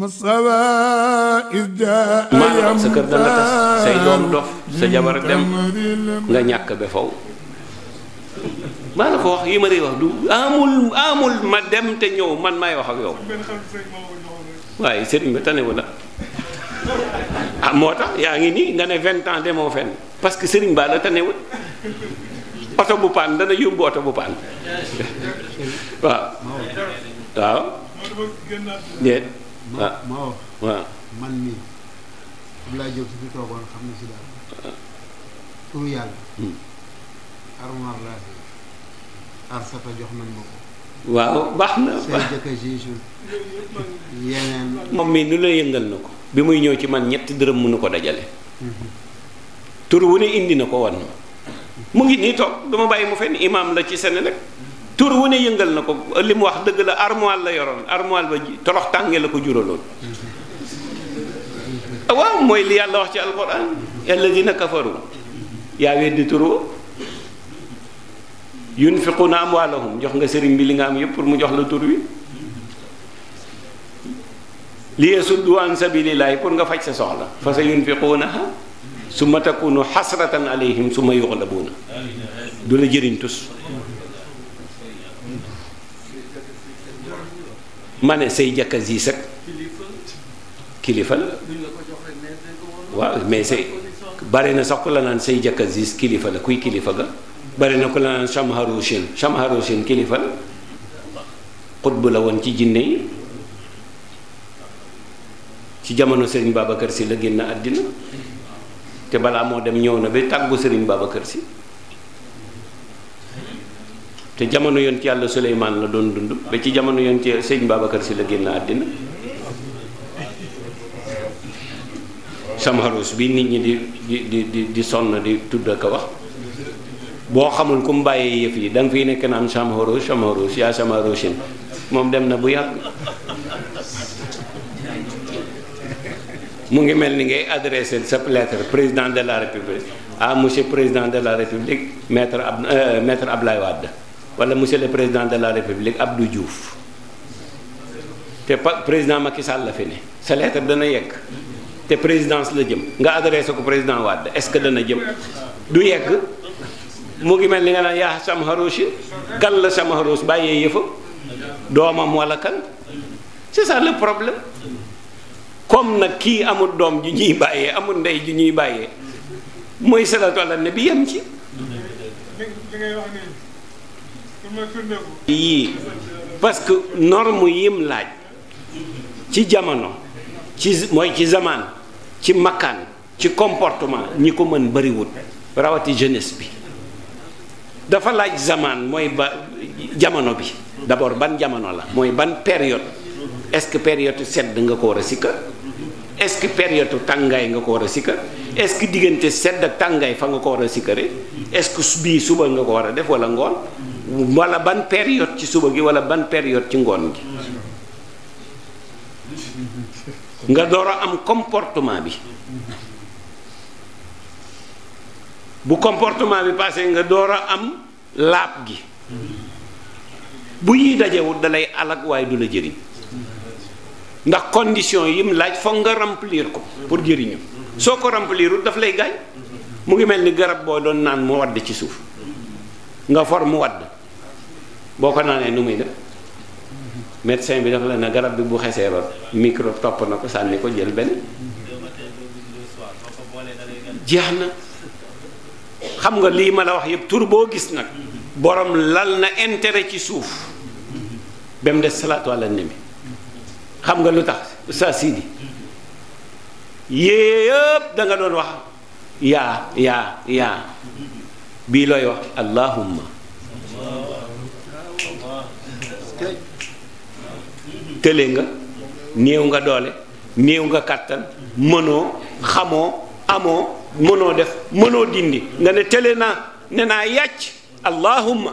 maanaam sa kër dana tas say doom dof sa jabar dem nga ñàkk ba faw maa la ko wax yi ma lay wax du amul amul ma dem te ñëw man may wax ak yow waaye sëriñ bi tanewu wu la ah moo tax yaa ngi nii nga ne vingt ans demoo fenn parce que sëriñ baa la tanewut oto bu paan dana yóbbu oto bu paan waaw waaw ma ma wax. waaw man mii hmm. jox nañ baax na say jëkka jiisu moom mii nu la yëngal na ko. bi muy ñëw ci man ñetti dërëm mënu ko dajale. Mhm. tur wu ne indi na ko wan ma mu ngi nii toog duma bàyyi mu fenn imaam la ci Senelec. tur wu ne yëngal na ko li mu wax dëgg la armoire la yoroon armoire ba tolox tànge la ko juraloon ah, waaw mooy li yàlla wax ci alquran alladina kafaru yaa weddi turu yunfiquna amwaalahum jox nga sëriñ bi li nga am yëpp pour mu jox la tur wi li yasuddu an sabilillahi pour nga faj sa soxla fa sa yunfiqunaha summa takunu xasratan alayhim summa yuxlabuuna du la jëriñ tus mane ne say jàkka yi sax kilifa la waaw mais say bare na sax ku la naan say jàkka yi kilifa la kuy kilifa ga bare na ku la naan Shamharoshen Shamharoshen kilifa la xutbu la woon ci jinne yi ci jamono Serigne Babacar Sy la génn àddina te balaa moo dem ñëw na ba tàggu Serigne Babacar Sy te jamono yoon ci yàlla Suleymaan la doon dund ba ci jamono yoon ci sëñ Babacar si la génn àddina samharus bi nit ñi di di di di sonn di tudd ak wax boo xamul ku mu bàyyee yëf yi da nga fiy nekk naan samharus samharus yaa samharusin moom dem na bu yàgg mu ngi mel ni ngay adressé sa lettre président de la république ah monsieur président de la république maître ab euh, maître Ablaye Wade wala monsieur le président de la république du Diouf te président Macky Sall la fi ne sa lettre dana yegg te présidence la jëm nga adressé ko président Wade est-ce que dana jëm du yegg mu ngi mel ni nga naan yaa sam xaroshi kan la sam xarosh bàyyee yëfa doomam wala kan c'est ça le problème comme nag kii amul doom ji ñuy bàyyee amul ndey ji ñuy bàyyee mooy salatu ala nabi yem ci. yii parce que norme yim laaj ci jamono ci mooy ci zaman ci makkaan ci comportement ñi ko mën bariwul rawati jeunesse bi dafa laaj zaman mooy ba jamono bi d'abord ban jamono la mooy ban période est-ce que période sedd nga ko war a sikka est-ce que période tàngaay nga ko war a sikka est-ce que diggante sedd ak tàngaay fa nga ko war a sikkare est-ce que bii suba nga ko war a def wala ngoon wala ban période ci suba gi wala ban période ci ngoon gi nga door a am comportement bi bu comportement bi passé nga door a am laab gi bu yii dajewut dalay alag waaye du la jëriñ ndax yi yim laaj foog nga remplir ko pour jëriñu soo ko remplirul daf lay gaañ mu ngi mel ni garab boo doon naan mu wadd ci suuf nga for mu wadd boo ko naanee nu muy def médecin bi dafa la ne garab bi bu xesee ba micro topp na ko sànni ko jël benn jeex na xam nga lii ma la wax yëpp tur boo gis nag borom lal na intere ci suuf ba mu des salaatu ala nabi xam nga lu tax sa sidi yépp da doon wax yaa yaa yaa bii looy wax allahumma tële nga néew nga doole néew nga kàttan mënoo xamoo amoo mënoo def mënoo dindi nga ne tële naa ne naa yàcc allahumma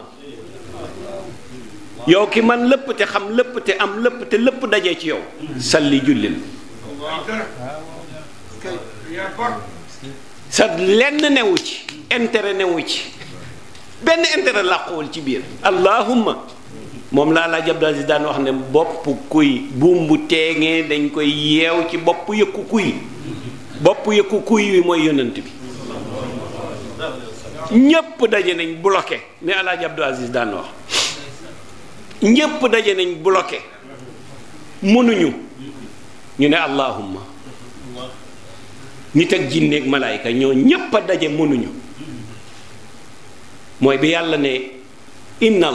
yow ki man lëpp te xam lépp te am lépp te lépp daje ci yow salli jullil sa lenn newu ci intérêt newu ci benn intérêt làquwul ci biir allahumma moom laa laaj Abdou Aziz daan wax ne bopp kuy buum bu teegee dañ koy yeew ci bopp yëkku kuy bopp yëkku kuy wi mooy yonent bi ñépp daje nañ bloqué ne alaaj Abdou Aziz daan wax ñépp daje nañ bloqué mënuñu ñu ne allahumma nit ak jinneeg malaayka ñoo ñépp a daje mënuñu mooy bi yàlla ne inna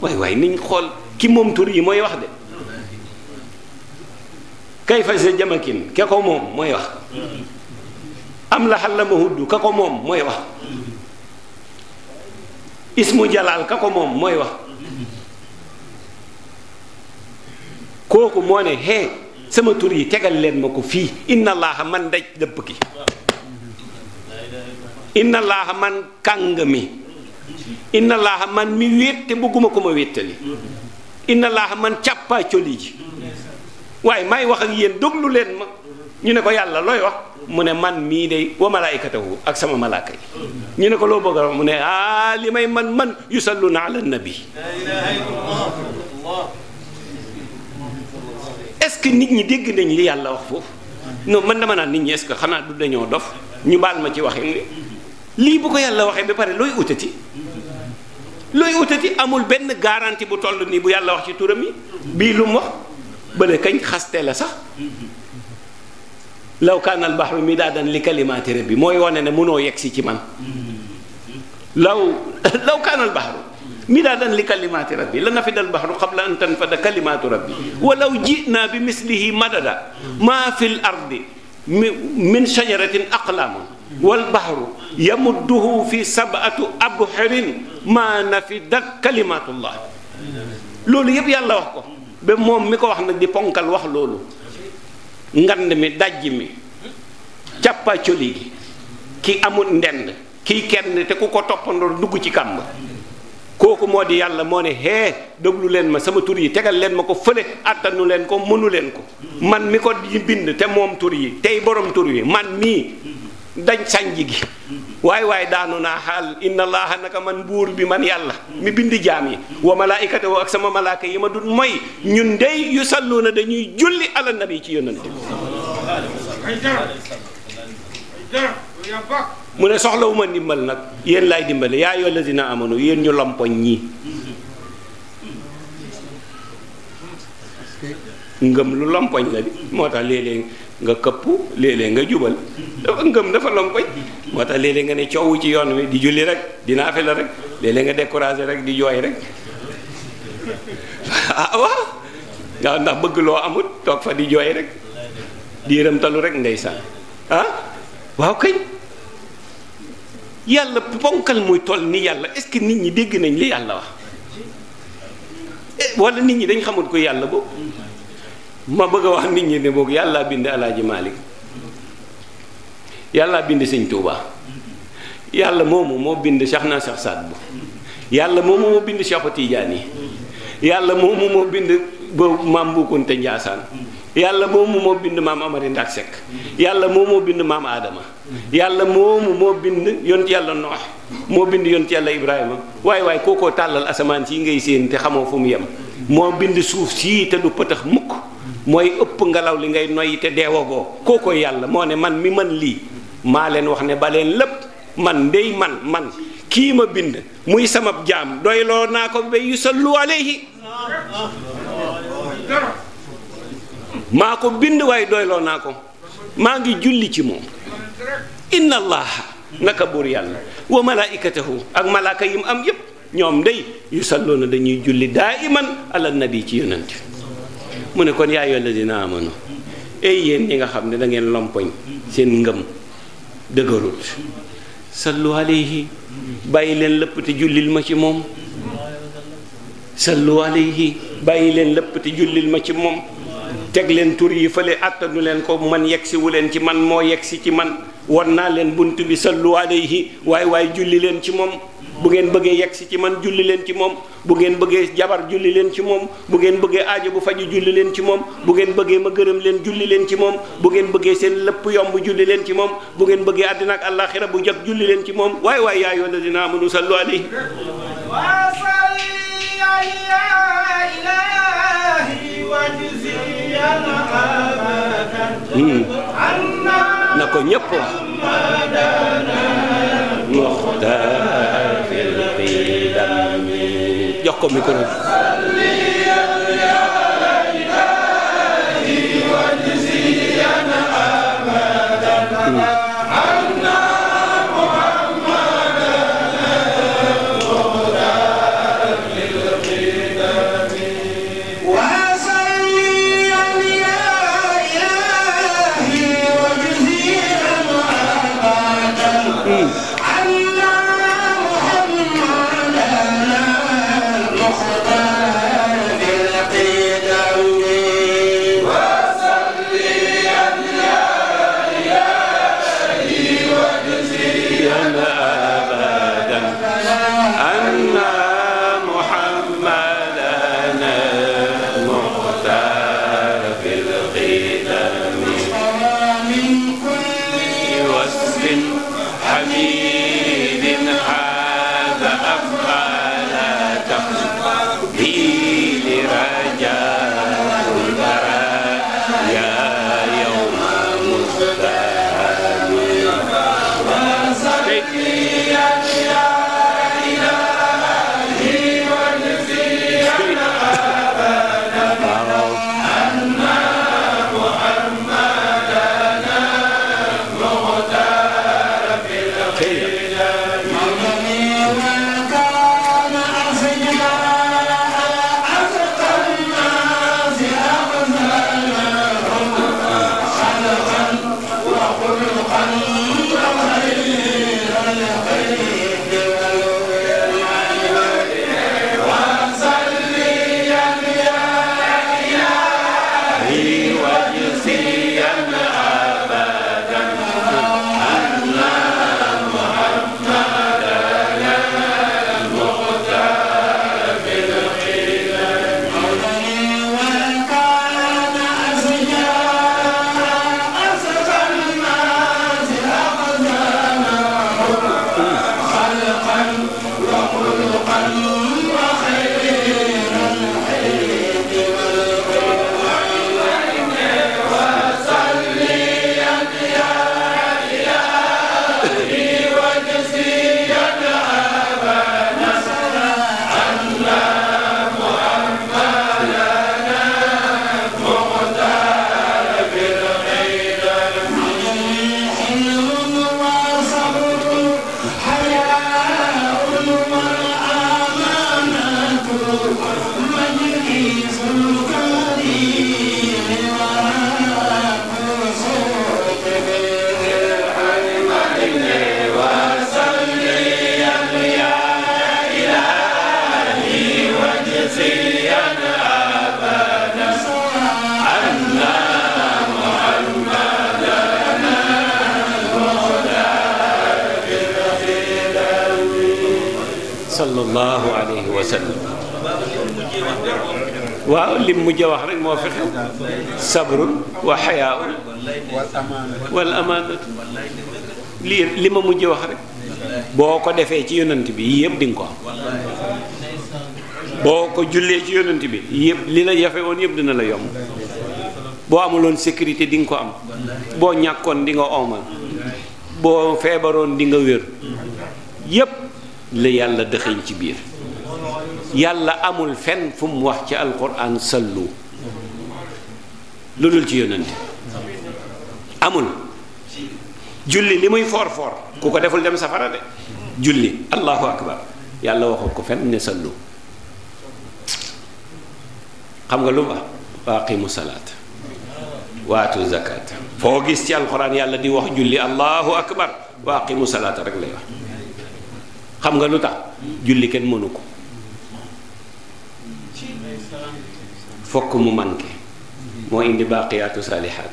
waay waay niñ xool ki moom tur yi mooy wax de kay fa sa jamakin ke ko moom mooy wax am la xal la ma hudd ka ko moom mooy wax ismu jalaal ka ko moom mooy wax kooku moo ne hee sama tur yi tegal leen ma ko fii inna allaha man daj dëpp ki inna allaha man kàng mi inna laaha man mi wéet te bëgguma ko ma wéttali inna laaha man càppaa coli ji waaye maay wax ak yéen doglu leen ma ñu ne ko yàlla looy wax mu ne man mii day wa malaayikatahu ak sama malaaka yi ñu ne ko loo bëgg a wax mu ne ah li may man man yusalluna ala nabi est-ce que nit ñi dégg nañ yàlla wax foofu non man dama naan nit ñi est xanaa du dañoo dof ñu baal ma ci waxin lii bu ko yàlla waxee ba pare looy utati looy wutati amul benn garantie bu toll nii bu yàlla wax ci turam yi bii lu mu wax bële kañ xaste la sax law kaana al bahru midaadan li kalimaati rabbi mooy wane ne mënoo yegg si ci man law law kaana al bahru midaadan li kalimaati rabbi la nafida al bahru qabla an tanfada kalimaatu rabbi walaw ji'naa bi mislihi madada maa fi l ardi min shajaratin aqlaamun wal bahru yamudduhu fi sab'ati abhurin maa nafidat kalimatullah loolu yëpp yàlla wax ko ba moom mi ko wax nag di ponkal wax loolu ngand mi dajj mi càppaacoli gi ki amul ndend kii kenn te ku ko toppandoor dugg ci kàmb kooku moo di yàlla moo ne hee déglu leen ma sama tur yi tegal leen ma ko fële àttanu leen ko mënu leen ko man mi ko bind te moom tur yi tey borom tur yi man mii dañ sànj gi waaye waay daanu naa xaal inna naka man buur bi man yàlla mi bind jaam yi wa malaikatahu ak sama malaaka yi ma dut mooy ñun dey yu salluuna dañuy julli ala nabi ci yonante mu ne soxlawu ma ndimbal nag yéen laay dimbale yaa ayyuha allazina amanu yéen ñu lompoñ ñi ngëm lu lompoñ la di moo tax léeg-léeg nga këppu léeg nga jubal dafa ngëm dafa lompoñ moo tax léeg nga ne coowu ci yoon wi di julli rek di naafe la rek nga découragé rek di jooy rek ah waaw ndax bëgg loo amut toog fa di jooy rek di yërëmtalu rek ndeysaan ah waaw kañ yàlla ponkal muy toll ni yàlla est nit ñi dégg nañ li yàlla wax eh, wala nit ñi dañ xamul ko yàlla boobu ma bëgg a wax nit ñi ne boog yàllaa bind alaaji Malick yàllaa bind sëñ Touba yàlla moomu moo bind Cheikh naa bu yàlla moomu moo bind Cheikh Tidiane yàlla moomu yàlla moomu moo bind maam Amari Ndak Seck yàlla moomu moo bind maam Adama yàlla moomu moo bind yont yàlla Noox moo bind yont yàlla Ibrahima waaye waaye kookoo tàllal asamaan si ngay séen te xamoo fu yem moo bind suuf sii te du pëtax mukk mooy ëpp ngelaw li ngay noyyi te deewagoo kooko yàlla moo ne man mi man lii maa leen wax ne ba leen lépp man ndey man man kii ma bind muy sama jaam doyloo naa ko ba yu sallu alayhi maa ko bind waaye doyloo naa ko maa ngi julli ci moom inna allaha naka buur yàlla wa malaikatahu ak malaaka yim am yépp ñoom day yu salloona dañuy julli daa iman ala nabi ci yonent mu ne kon yaa ayyuhal lazina amanu ey yéen yi nga xam ne da ngeen lompoñ seen ngëm dëgërut sallu alayhi bàyyi leen lépp te jullil ma ci moom sallu alayhi bàyyi leen lépp te jullil ma ci moom teg leen tur yi fële àttanu leen ko man yegsi wu leen ci man moo yegsi ci man won naa leen bunt bi sallu alayhi waaye waaye julli leen ci moom bu ngeen bëggee yegg si ci man julli leen ci moom bu ngeen bëggee jabar julli leen ci moom bu ngeen bëggee aajo bu faju julli leen ci moom bu ngeen bëggee ma gërëm leen julli leen ci moom bu ngeen bëggee seen lépp yomb julli leen ci moom bu ngeen bëggee àddina ak àllaaxira bu jag julli leen ci moom waay waay yaa ayyuhal lazina amanu sallu alayhi hmm. na ko ñëpp wax hmm. ko micro bi sallallahu alayhi wa lim mujj wax rek moo fi xew sabrun wa xayaaun wal amaanatu lii li ma mujj wax rek boo ko defee ci yonant bi yii yëpp ko am boo ko jullee ci yonant bi yëpp li la jafe woon yëpp dina la yomb boo amuloon sécurité di nga ko am boo ñàkkoon di nga boo feebaroon di nga wér yëpp la yàlla dëxëñ ci biir yàlla amul fenn fu mu wax ci alquran sallu lu dul ci yónnante amul julli li muy foor foor ku ko deful dem safara de julli allahu akbar yàlla waxul ko fenn ne xam nga lu ma waa aqimu salaat waatu zakat foo gis ci alquran yàlla di wax julli allahu akbar waa aqimu salaat rek lay wax xam nga lu tax julli kenn mënu ko fokk mu manqué moo indi baaqiyaatu saalihaat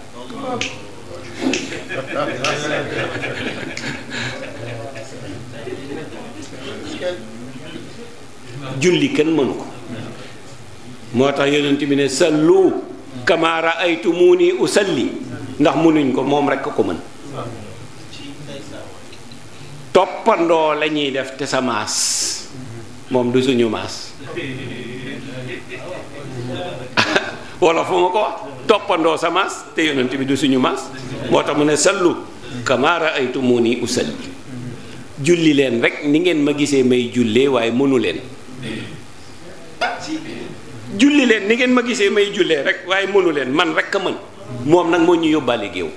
julli kenn mënu ko moo tax yonent bi ne sallu kama raaytumuni usalli ndax mënuñ ko moom rekk a ko mën toppandoo la ñuy def te sa maas moom du suñu maas wala ko wax toppandoo sa maas te yonent bi du suñu maas moo tax mu ne sallu kama raaytumuni usalli julli leen rek ni ngeen ma gisee may jullee waaye mënu leen julli leen ni ngeen ma gisee may jullee rek waaye mënu leen man rek a mën moom nag moo ñu yóbbaale géew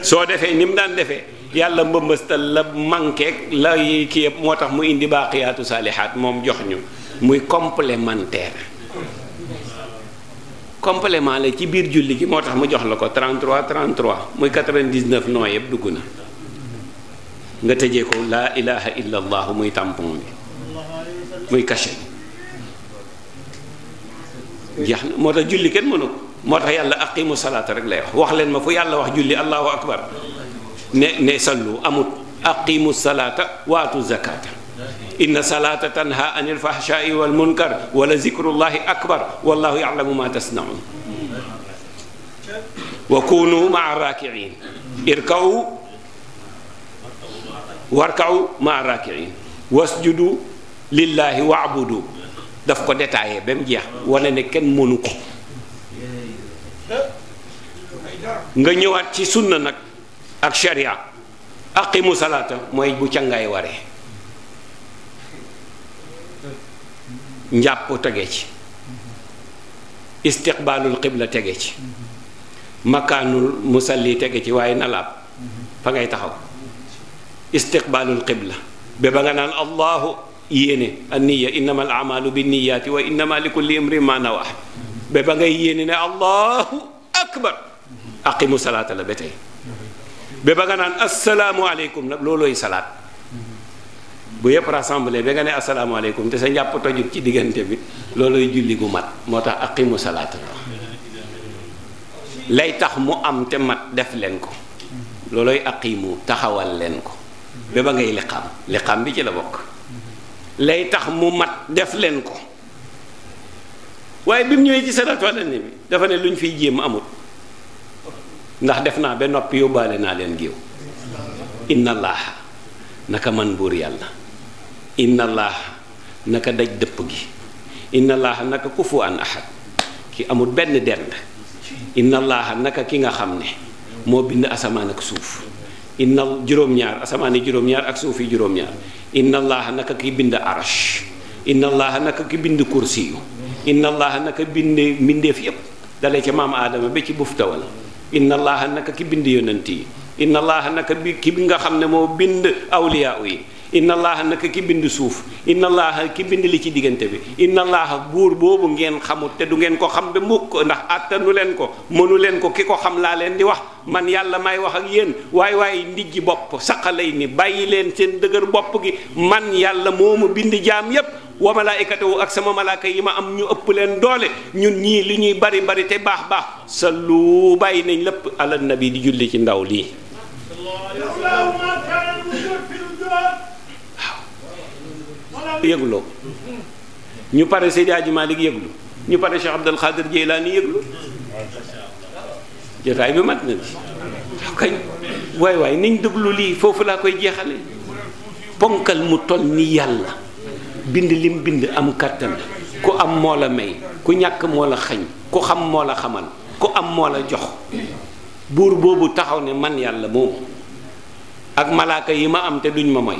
soo defee ni mu daan defee yàlla mbëmbëstal la manqué la yi ki yëpp moo tax mu indi baaqiyaatu saalihaat moom jox ñu muy complémentaire complément la ci biir julli gi moo tax mu jox la ko 33 33 muy 99 noo yëpp dugg na nga tëjee ko laa ilaha illa muy tampon bi muy cachet na moo tax julli kenn mënu ko moo tax yàlla aqimu salaat rek lay wax wax leen ma fu yàlla wax julli allahu akbar ne ne sallu amut aqimu salaata waatu zakaata inna salaata tanha anil fahshaai wal munkar wala zikrullahi akbar wallahu ma tasnaun wa kunu maa raakiin irkaw warkaw wasjudu lillahi waabudu daf ko deta ba mu jeex ne kenn mënu ko nga ñëwaat ci sunna nag ak sharia aqimu salaata mooy bu cangaay ware njàpp tege ci istiqbaalul qibla tege ci makaanul musalli tege ci waaye nalaab fa ngay taxaw istiqbaalul qibla ba ba nga naan allahu yéene anniya innama al bi niyaati wa innama li kulli ma nawa ba ba ngay yéene ne allahu akbar aqimu salaata la ba ba ba nga naan asalaamualeykum nag loolooy salaat bu yëpp rassemblé ba nga ne asalaamualeykum te sa njàpp tojut ci diggante bi loolooy julli gu mat moo tax aqimu salaat la lay tax mu am te mat def leen ko loolooy aqimu taxawal leen ko ba ba ngay liqaam liqaam bi ci la bokk lay tax mu mat def leen ko waaye bi mu ñëwee ci salaatu ala nabi dafa ne lu ñu fiy jéem amut ndax def naa be noppi yóbbaale naa leen giiw inna allaaha naka man buur yàlla inna allaaha naka daj dëpp gi inna allaaha naka kufu an ahad ki amul benn dend inna allaaha naka ki nga xam ne moo bind asamaan ak suuf inna juróom-ñaar asamaan yi juróom-ñaar ak suuf yi juróom-ñaar inna allaaha naka ki bind arash inna allaaha naka ki bind kursi yu inna allaaha naka bind mbindeef yépp dalee ca maam aadama bi ci buftawal inna allaha naka ki bind yonent yi inna allaha naka bi ki nga xam ne moo bind awliyaa yi inna allaha naka ki bind suuf inna allaha ki bind li ci diggante bi inna allaha buur boobu ngeen xamut te du ngeen ko xam ba mukk ndax àttanu leen ko mënu leen ko ki ko xam laa leen di wax man yàlla may wax ak yéen waay waay ndijji bopp saqalay ni bàyyi leen seen dëgër bopp gi man yàlla mu bind jaam yépp wa malaikatahu ak sama malaaka yi ma am ñu ëpp leen doole ñun ñii li ñuy bari bari te baax baax lu bàyyi nañ lépp ala nabi di julli ci ndaw lii yëgloo ñu pare Seydi Hadji yëglu ñu pare Cheikh Abdul Xaadir Jeylaani yëglu jotaay bi mat na ci kañ waay waay niñ déglu lii foofu laa koy jeexale ponkal mu toll ni yàlla bind lim bind am kàttan ku am moo la may ku ñàkk moo la xañ ku xam moo la xamal ku am moo la jox buur boobu taxaw ne man yàlla moomu ak malaaka yi ma am te duñ ma moy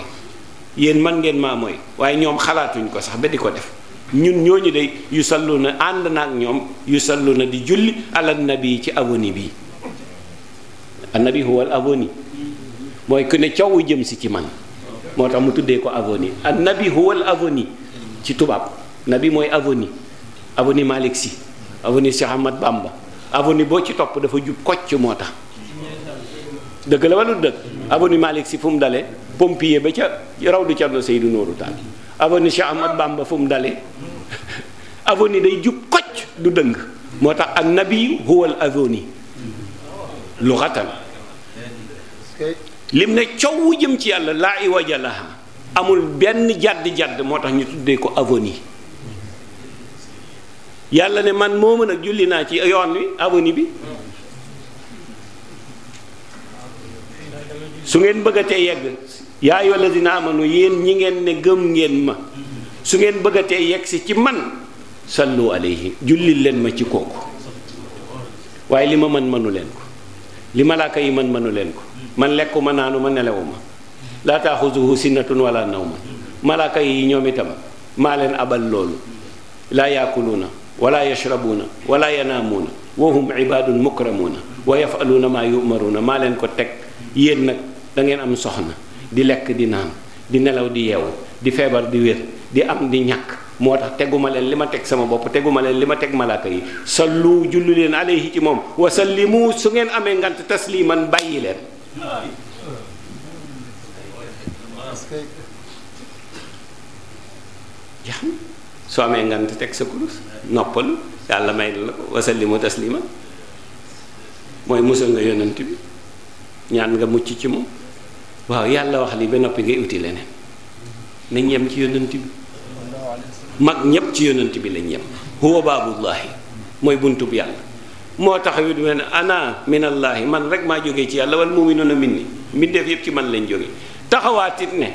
yéen man ngeen maa mooy waaye ñoom xalaatuñ ko sax ba di ko def ñun ñooñu de yu sallu na ànd na ak ñoom yu sallu na di julli ala nabi ci aboni bi annabi huwa al mooy ku ne coow jëm si ci man moo tax mu tuddee ko avenue an nabi huwal avenue ci tubaab nabi mooy avenue avenue Malick Sy avenue Cheikh Ahmad Bamba avenue boo ci topp dafa jub kocc moo tax dëgg la wala dëgg avenue Malick Sy fu mu dalee pompier ba ca raw du Cerno Seydou Nourou Tall avenue Cheikh Ahmad Bamba ba mu dale avoni day jub kocc du dëng moo tax an nabi huwal avenue luxatan lim ne coow jëm ci yàlla laa iwaja laha amul benn jadd jàdd moo tax ñu tuddee ko avoni yàlla ne man moo mën nag julli naa ci yoon wi avoni bi su ngeen bëggatee yegg yaa ayyuha allazina amanu yéen ñi ngeen ne gëm ngeen ma su ngeen bëggatee yegg si ci man sallu alayhi jullil leen ma ci kooku waaye li ma mën mënu leen ko li malaaka yi mën mënu leen ko man lekkuma naanuma nelewuma laa taaxuzuhu sinnatun wala nawma malaaka yi ñoom itam maa leen abal loolu laa yaakuluuna wala yashrabuuna wala yanaamuuna wa hum ibaadun mukramuuna wa yafaluuna maa yumaruuna maa leen ko teg yéen nag da ngeen am soxna di lekk di naan di nelaw di yeewu di feebar di wér di am di ñàkk moo tax teguma leen li ma teg sama bopp teguma leen li ma teg malaaka yi sallu julli leen alayhi ci moom wa sallimu su ngeen amee ngant tasliman bàyyi leen jaam soo amee ngant teg sa kurus noppalu yàlla may la taslima mooy musal nga yonant bi ñaan nga mucc ci moom waaw yàlla wax lii ba noppi ngay uti leneen nañ yem ci yonant bi mag ñépp ci yonant bi lañ yem huwa baabullahi mooy buntu bu yàlla moo taxawit men ana minallaahi man rek maa jógee ci yàlla wal muminuuna min ni mbindeef yépp ci man lañ jóge taxawaatit ne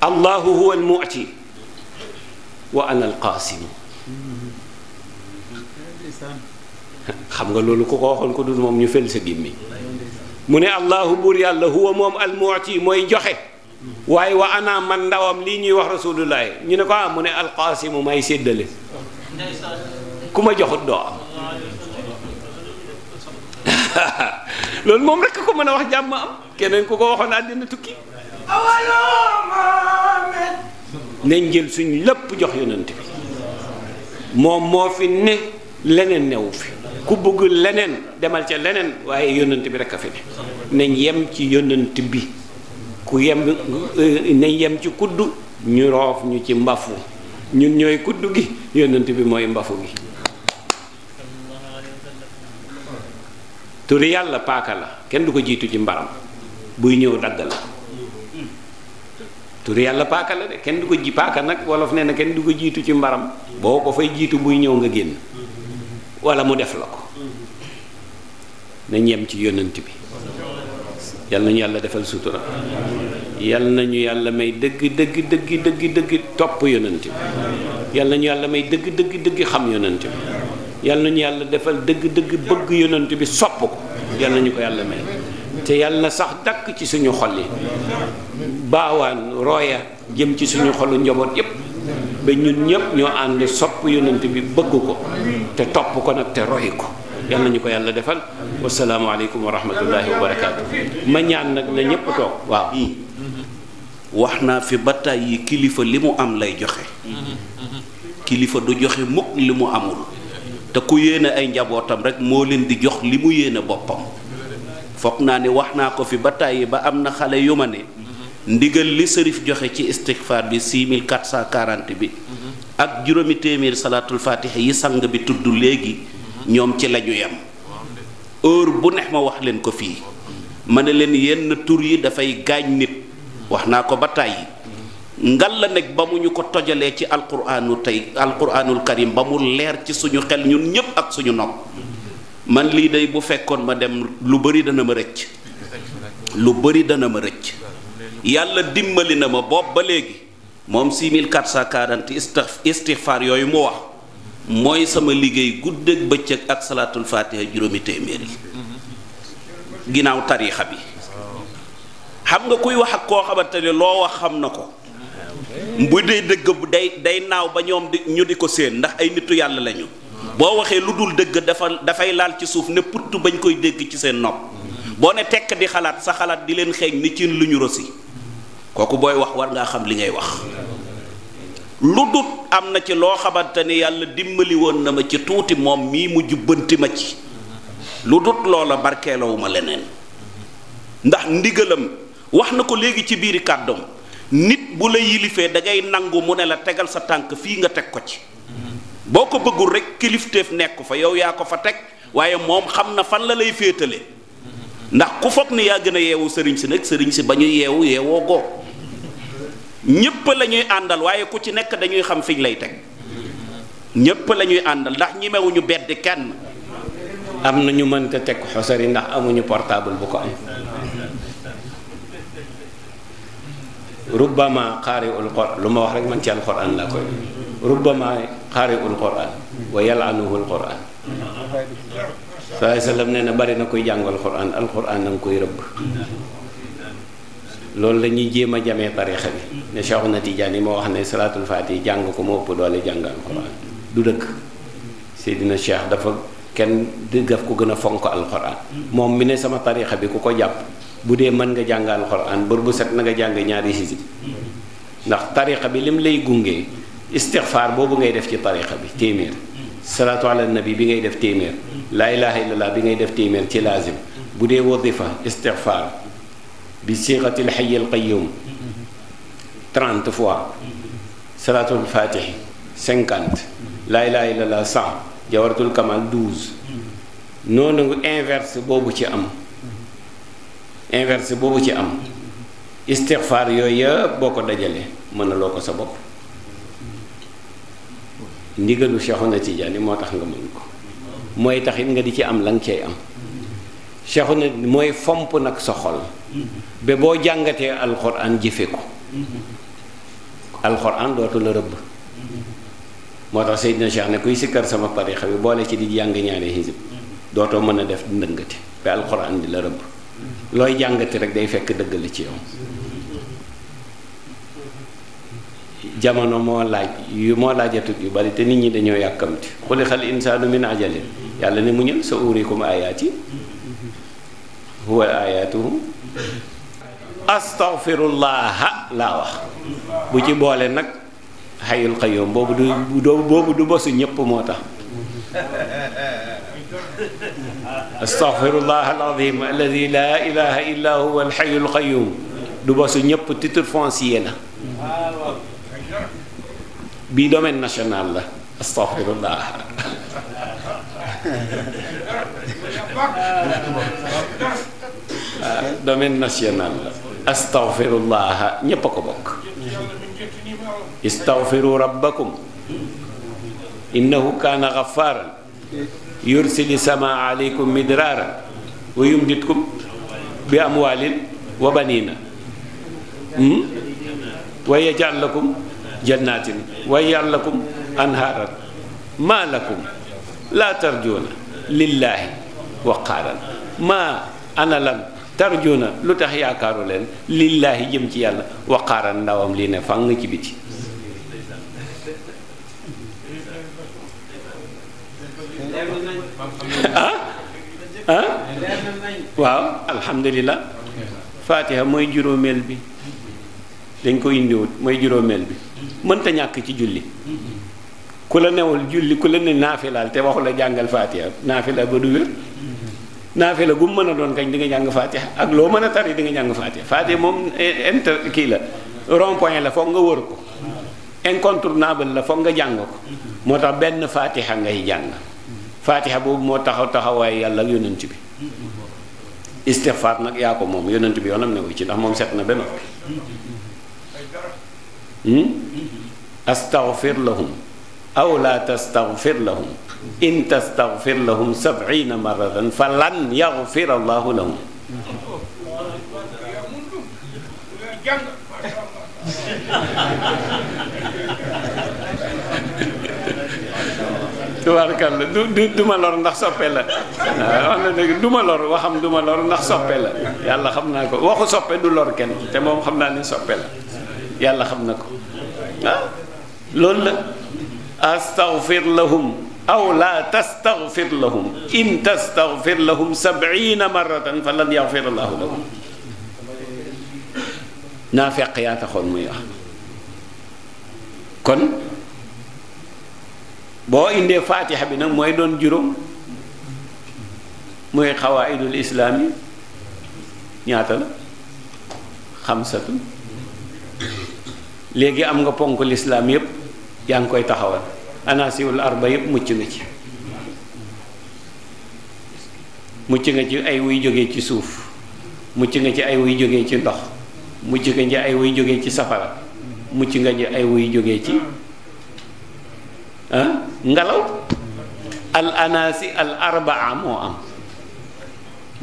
allahu huwa al mu'ti wa nga loolu ku ko waxoon ko dul moom ñu fel sa gémmiñ mu ne allahu buur yàlla huwa moom joxe waaye wa ana man ndawam lii ñuy wax rasulullahi ñu ne ko ah mu ne al qaasimu may séddale ku ma joxut doo am loolu moom rekk ko mën a wax jàmm am keneen ku ko waxoon àddina tukki nañ jël suñu lépp jox yonent bi moom moo fi ne leneen newu fi ku bëgg leneen demal ca leneen waaye yónnant bi rekk a fi ne nañ yem ci yonent bi ku yem eh, nañ yem ci kudd ñu roof ñu ci mbafu ñun ñooy kudd gi yonent bi mooy mbafu gi turi yàlla paaka la kenn du ko jiitu ci mbaram buy ñëw dagg la turi yàlla paaka la de kenn du ko ji paaka nag wolof nee na kenn du ko jiitu ci mbaram boo ko fay jiitu buy ñëw nga génn wala mu def la ko na ñem ci yonent bi yal nañu yàlla defal sutura yal nañu yàlla may dëgg dëgg dëgg dëgg topp yonent bi yal nañu yàlla may dëgg dëgg dëgg xam yonent bi yàlla nañu yàlla defal dëgg-dëgg bëgg yonent bi sopp ko yàlla nañu ko yàlla may te yàlla na sax dàkk ci suñu xol yi baawaan rooya jëm ci suñu xolu njaboot yépp ba ñun ñëpp ñoo ànd sopp yonant bi bëgg ko te topp ko nag te royi ko yàlla nañu ko yàlla defal wasalaamu aleykum wa rahmatullahi wa barakaatu ma ñaan nag na ñépp toog waaw wax naa fi ba tàyyi kilifa li mu am lay joxe kilifa du joxe mukk li mu amul te ku yéene ay njabootam rek moo leen di jox li mu yéene boppam foog naa ni wax naa ko fi ba tàyyi ba am na xale yu ma ne ndigal li sërif joxe ci istixfaar bi 6440 bi ak juróomi téeméer salaatul faatiha yi sang bi tudd léegi ñoom ci lañu yem heure bu neex ma wax leen ko fii ma ne leen yenn tur yi dafay gaañ nit wax naa ko ba tàyyi ngal la nag ba mu ñu ko tojalee ci alquraanu tey alquraanul karim ba mu leer ci suñu xel ñun ñépp ak suñu nopp man lii day bu fekkoon ma dem lu bari dana ma rëcc lu bari dana ma rëcc yàlla dimbali na ma bopp ba léegi moom 6440 istixfaar yooyu mu wax mooy sama liggéey guddeeg bëccëg ak salaatul faatiha juróomi téeméer yi ginnaaw tariixa bi xam nga kuy wax ak koo xamante ne loo wax xam na ko bu dee dëgg day day naaw ba ñoom di ñu di ko séen ndax ay nitu yàlla lañu boo waxee lu dul dëgg dafa dafay laal ci suuf ne putt bañ koy dégg ci seen nopp boo ne tekk di xalaat sa xalaat di leen xeeñ ni ci lu ñu rosi kooku booy wax war ngaa xam li ngay wax lu dut am na ci loo xamante ni yàlla dimbali woon na ma ci tuuti moom mii mu jubbanti ma ci lu dut loola barkeelawuma leneen ndax ndigalam wax na ko léegi ci biiri kàddoom nit bu la yilifee da ngay nangu mu ne la tegal sa tànk fii nga teg ko ci boo ko bëggul rek kilifteef nekk fa yow yaa ko fa teg waaye moom xam na fan la lay féetale ndax ku foog ni yaa gën a yeewu sëriñ si nag sëriñ si ba ñu yeewu yeewoo ko ñépp lañuy àndal waaye ku ci nekk dañuy xam fiñ lay teg ñépp lañuy ñuy àndal ndax ñemewuñu bedd kenn am na ñu mën teg xosari ndax amuñu portable bu ko am rubbama xaariul quraan lu ma wax rek man ci alquran laa koy rubbama xaariul quraan wa yalanuhu alquran sallallahu alayhi wasallam nee na bari na koy jàngal quran alquran na nga koy rëbb loolu la jéem a jamee tarixa bi ne Cheikh na Tijaan yi moo wax ne salaatul faatihi jàng ko moo ëpp doole jàng alquran du dëkk Seydina Cheikh dafa kenn daf ko gën a fonk alquran moom mi ne sama tarixa bi ku ko jàpp bu dee mën nga jàng alxuraan bër bu set na nga jàng ñaari si ndax tariqa bi lim lay gunge istixfaar boobu ngay def ci tariqa bi téeméer salaatu ala nabi bi ngay def téeméer laa ilaha illallah bi ngay def téeméer ci laazim bu dee wadifa istixfaar bi siixatil xayyil qayyum 30 fois salaatul faatixi cinquante laa ilaha illallah 100 jawaratul kamal 12 noonu inverse boobu ci am inversé boobu ci am istixfaar yooyu yëpp boo ko dajalee mënaloo ko sa bopp ndigalu Seexuna Tijaani moo tax nga mën ko mooy taxit nga di ci am la nga cay am Seexuna mooy fomp nag sa xol ba boo jàngatee alxuraan jëfe ko alxuraan dootu la rëbb moo tax Seydina Cheikh ne kuy si sikkar sama pare xam boole ci di jàng ñaari xisib dootoo mën a def ndëngati ba alxuraan di la rëbb looy jàngati rek day fekk dëgg la ci yow jamono moo laaj yu moo laajatut yu bari te nit ñi dañoo yàkkamti xuli xal insaanu min ajalin yàlla ne mu ñëw sa urikum ayaati huwa ayaatuhu astaghfirullaha laa wax bu ci boole nag xayul xayoom boobu du boobu du bosu ñépp moo tax astaghfirullah alazim alladi la ilaha illa huwa alxayul qayum du bosu ñëpp titre foncier la bii domaine national la astaghfirullah domaine national la astaghfirullah ñépp a ko bokk istaghfiru rabbakum innahu kaana gaffaaran yursili sama aleykum midraara wa yumditkum bi amwaalin wa baniina hmm? wa yajal lakum jannaatin wa yajal lakum anhaaran maa lakum laa tarjuuna lillaahi waqaaran maa ana lan tarjuuna lu tax yaakaaru leen lillaahi jëm ci yàlla waqaaran ndawam lii ne fàng ci biti ah waaw alhamdulilah fatiha mooy juróomeel bi dañ ko indiwut mooy juróomeel bi mënta ñàkk ci julli ku la newul julli ku la ne naafilaal te waxu la jàngal fatiha naafila ba du wér naafila gu mu mën a doon kañ di nga jàng fatiha ak loo mën a tari di nga jàng fatiha fatiha moom eh, inter kii la rond la foog nga wër ko incontournable la foog nga jàng ko moo tax benn fatiha ngay jàng faatiha boobu moo taxaw taxawaay yàlla ak yonent bi istixfaar nag yaa ko moom yonent bi yoonam ne wu ci ndax moom set na benn hmm? astaghfir lahum aw la tastaghfir lahum in tastaghfir lahum sab'ina marratan falan yaghfir allahu lahum tubaarkalla du du du ma lor ndax soppe la waaw ah, wax na dëgg du ma lor waxam du ma lor ndax soppe la yàlla xam naa ko waxu soppe du lor kenn te moom xam naa ni soppe la yàlla xam na ko ah loolu la astaghfir lahum aw la tastaghfir lahum in tastaghfir lahum sab'ina marratan fa lan yaghfir allahu lahum naa feq yaa taxoon muy wax kon boo indee faatiha bi nag mooy doon juróom mooy xawaidul islaam yi ñaata la xamsatu léegi am nga ponk lislaam yépp yaa ngi koy taxawal anasiwul arba yépp mucc nga ci mucc nga ci ay wuy jógee ci suuf mucc nga ci ay wuy jógee ci ndox mucc nga ci ay wuy jógee ci safara mucc nga ci ay wuy jógee ci ngelaw al anasi al arbaa moo am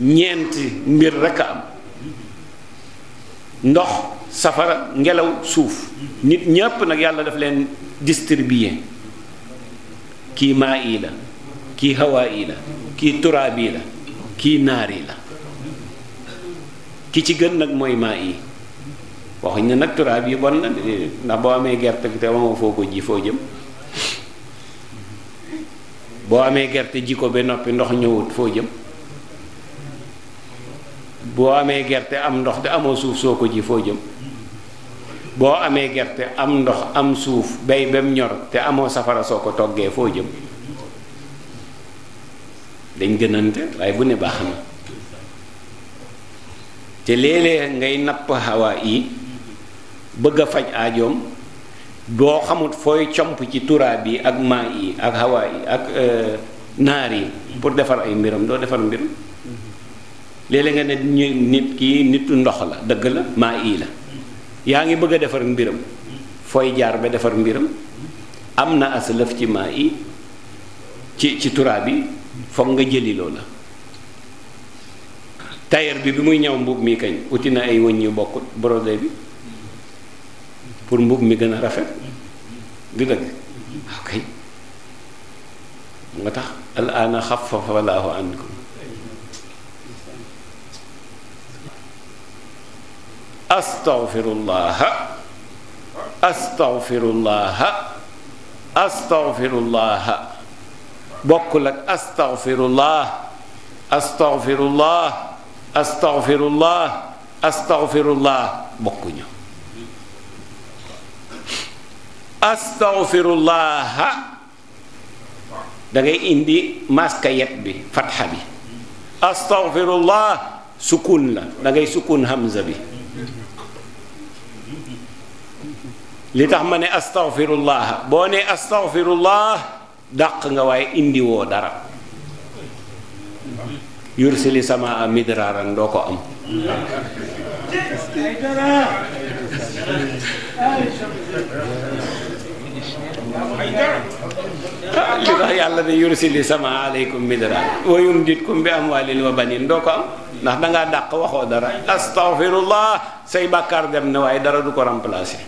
ñeenti mbir rekk a am ndox safara ngelaw suuf nit ñépp nag yàlla def leen distribuer kii maa yi la kii hawaa yi la kii turaab yi la kii naar yi la ki ci gën nag mooy maa yi waxuñ na nag turaab bon na ndax boo amee gerte gi te amoo foo ko ji foo jëm boo amee gerte ji ko ba noppi ndox ñëwut foo jëm boo amee gerte am ndox te amoo suuf soo ko ji foo jëm boo amee gerte am ndox am suuf bay ba mu ñor te amoo safara soo ko toggee foo jëm dañ gënante waaye bu ne baax na te léeg-léeg ngay napp xawaa yi bëgg a faj aajoom boo xamut fooy comp ci turaab yi ak maa yi ak hawaa yi ak euh, naar yi pour defar ay mbiram doo defar mbiram léeg nga ne nit ki nitu ndox la dëgg la maa i la yaa ngi bëgg a defar mbiram fooy jaar ba defar mbiram am na aslaf ci maa yi ci ci turaab yi foog nga jëli loola tailleur bi bi muy ñaw mbubb mi kañ uti na ay wëñ yu bokkut brodé bi pour mbubb mi gën a rafet du dëgg ok nga tax al aana xaffafa llaahu ankum astaghfirullaha astaghfirullaha astaghfirullaha bokkul ak astaghfirullah astaghfirullah astaghfirullah astaghfirullah bokkuñu astaghfirullaha da ngay indi maskayet bi fatxa bi astaghfirullah sukun la da ngay sukun hamza bi li tax ma ne astaghfirullah boo ne astaghfirullah dàq nga waaye indi woo dara yursili sama midraaran doo ko am li yàlla de yursili sama aleykum midra wa yumditkum bi amwaalin wa banin doo ko am ndax danga dàq waxoo dara astaghfirullah say bàkkaar dem na waaye dara du ko remplacer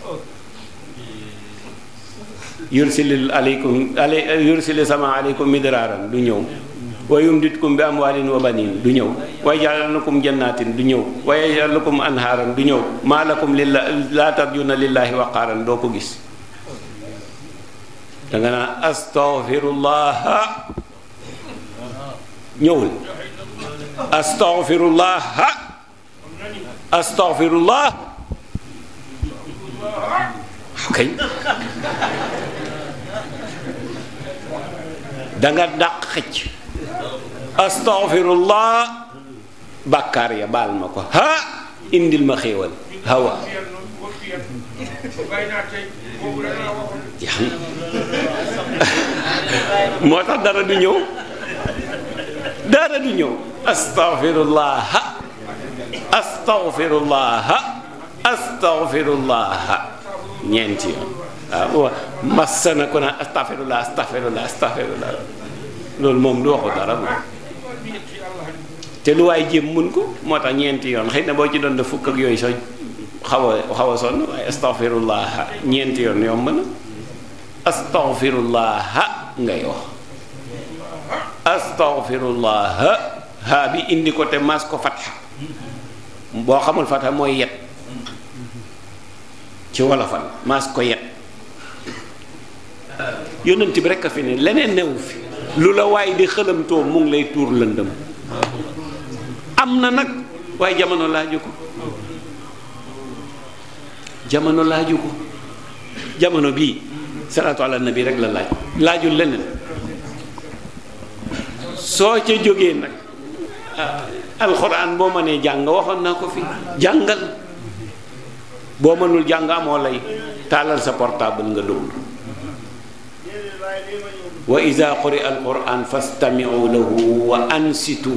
yursili sama aleykum midraaran du ñëw wa yumditkum bi amwaalin wa banin du ñëw wa yaj'al lakum jannatin du ñëw wa yaj'al lakum anhaaran du ñëw maa lakum lillah laa tarjuna lillahi waqaaran doo ko gis da nga naan astaghfirullah ñëwul astaghfirullah astaghfirullah okay da nga dàq xëcc astaghfirullah bàkkaar ya baal ma ko ha indil ma xéewal hawa moo tax dara du ñëw dara du ñëw astaghfirullah astaghfirullah astaghfirullah ñeenti yoon waaw massa na ko naan astaghfirullah astaghfirullah loolu moom du waxu dara moom te lu waay jéem mun ko moo tax ñeenti yoon xëy na boo ci doon da fukk ak yooyu soo xaw a xaw a sonn waaye astaghfirullah ñeenti yoon yomb na astaghfirullah ngay wax astaghfirullah ha bi indi ko te mas ko fatxa boo xamul fatxa mooy yet ci wolofal mas ko yet yonent bi rekk a fi ne leneen newu fi lu la waaye di xëlamtoo mu lay tuur lëndëm am na nag waaye jamono laaju ko jamono laaju ko jamono bii salaatu ala nabi rek la laaj laajul leneen soo ca jógee nag ah, alxuraan boo mënee jàng waxoon naa ko fi jàngal boo mënul jàng amoo lay taalal sa portable nga dugg wa ida quri alquran fastamiu lahu wa ansitu